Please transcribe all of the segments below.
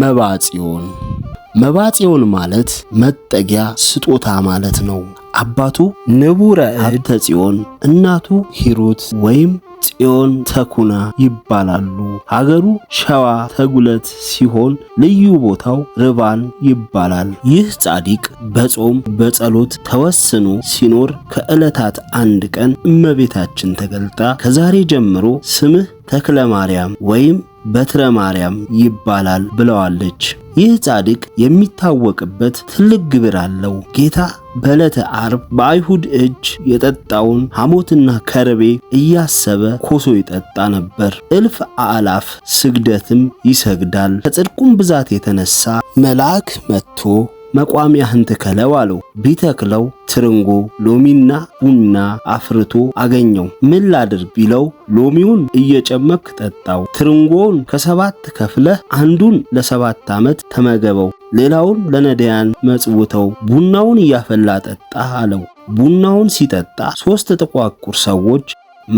መባጽዮን መባጽዮን ማለት መጠጊያ ስጦታ ማለት ነው። አባቱ ንቡረ እድ ተጽዮን እናቱ ሂሩት ወይም ጽዮን ተኩና ይባላሉ። ሀገሩ ሸዋ ተጉለት ሲሆን ልዩ ቦታው ርባን ይባላል። ይህ ጻዲቅ በጾም በጸሎት ተወስኖ ሲኖር ከዕለታት አንድ ቀን እመቤታችን ተገልጣ ከዛሬ ጀምሮ ስምህ ተክለ ማርያም ወይም በትረ ማርያም ይባላል ብለዋለች። ይህ ጻድቅ የሚታወቅበት ትልቅ ግብር አለው። ጌታ በዕለተ አርብ በአይሁድ እጅ የጠጣውን ሐሞትና ከርቤ እያሰበ ኮሶ ይጠጣ ነበር። እልፍ አእላፍ ስግደትም ይሰግዳል። ከጽድቁም ብዛት የተነሳ መልአክ መጥቶ መቋሚያህን ትከለው አለው። ቢተክለው ትርንጎ ሎሚና ቡና አፍርቶ አገኘው። ምን ላድርግ ቢለው ሎሚውን እየጨመክ ጠጣው፣ ትርንጎውን ከሰባት ከፍለህ አንዱን ለሰባት ዓመት ተመገበው፣ ሌላውን ለነዳያን መጽውተው፣ ቡናውን እያፈላ ጠጣ አለው። ቡናውን ሲጠጣ ሦስት ጥቋቁር ሰዎች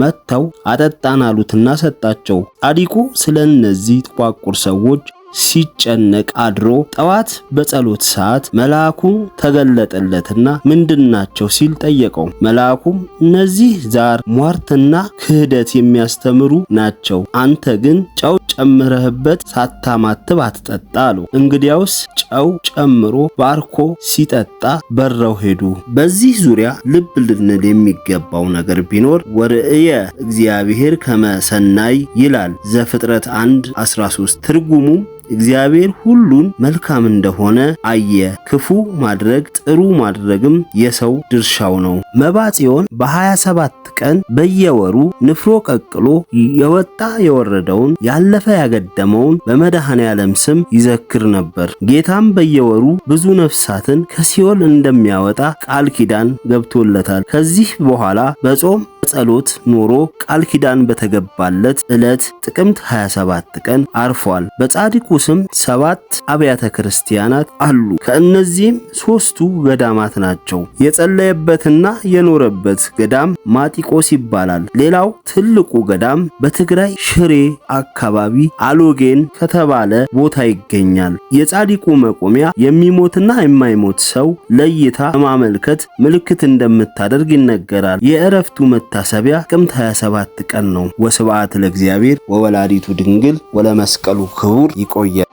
መጥተው አጠጣን አሉትና ሰጣቸው። ጻድቁ ስለ እነዚህ ጥቋቁር ሰዎች ሲጨነቅ አድሮ ጠዋት በጸሎት ሰዓት መልአኩ ተገለጠለትና ምንድን ናቸው ሲል ጠየቀው። መልአኩም እነዚህ ዛር ሟርትና ክህደት የሚያስተምሩ ናቸው፣ አንተ ግን ጨው ጨምረህበት ሳታማትብ አትጠጣ አሉ። እንግዲያውስ ጨው ጨምሮ ባርኮ ሲጠጣ በረው ሄዱ። በዚህ ዙሪያ ልብ ልንል የሚገባው ነገር ቢኖር ወርእየ እግዚአብሔር ከመሰናይ ይላል ዘፍጥረት 1 13 ትርጉሙም እግዚአብሔር ሁሉን መልካም እንደሆነ አየ። ክፉ ማድረግ ጥሩ ማድረግም የሰው ድርሻው ነው። መባጽዮን በ27 ቀን በየወሩ ንፍሮ ቀቅሎ የወጣ የወረደውን ያለፈ ያገደመውን በመድኃኔ ዓለም ስም ይዘክር ነበር። ጌታም በየወሩ ብዙ ነፍሳትን ከሲኦል እንደሚያወጣ ቃል ኪዳን ገብቶለታል። ከዚህ በኋላ በጾም ጸሎት ኖሮ ቃል ኪዳን በተገባለት ዕለት ጥቅምት 27 ቀን አርፏል። በጻድቁ ስም ሰባት አብያተ ክርስቲያናት አሉ። ከእነዚህም ሦስቱ ገዳማት ናቸው። የጸለየበትና የኖረበት ገዳም ማጢቆስ ይባላል። ሌላው ትልቁ ገዳም በትግራይ ሽሬ አካባቢ አሎጌን ከተባለ ቦታ ይገኛል። የጻድቁ መቆሚያ የሚሞትና የማይሞት ሰው ለይታ በማመልከት ምልክት እንደምታደርግ ይነገራል። የእረፍቱ መ መታሰቢያ ጥቅምት 27 ቀን ነው። ወስብዓት ለእግዚአብሔር ወወላዲቱ ድንግል ወለመስቀሉ ክቡር። ይቆያል።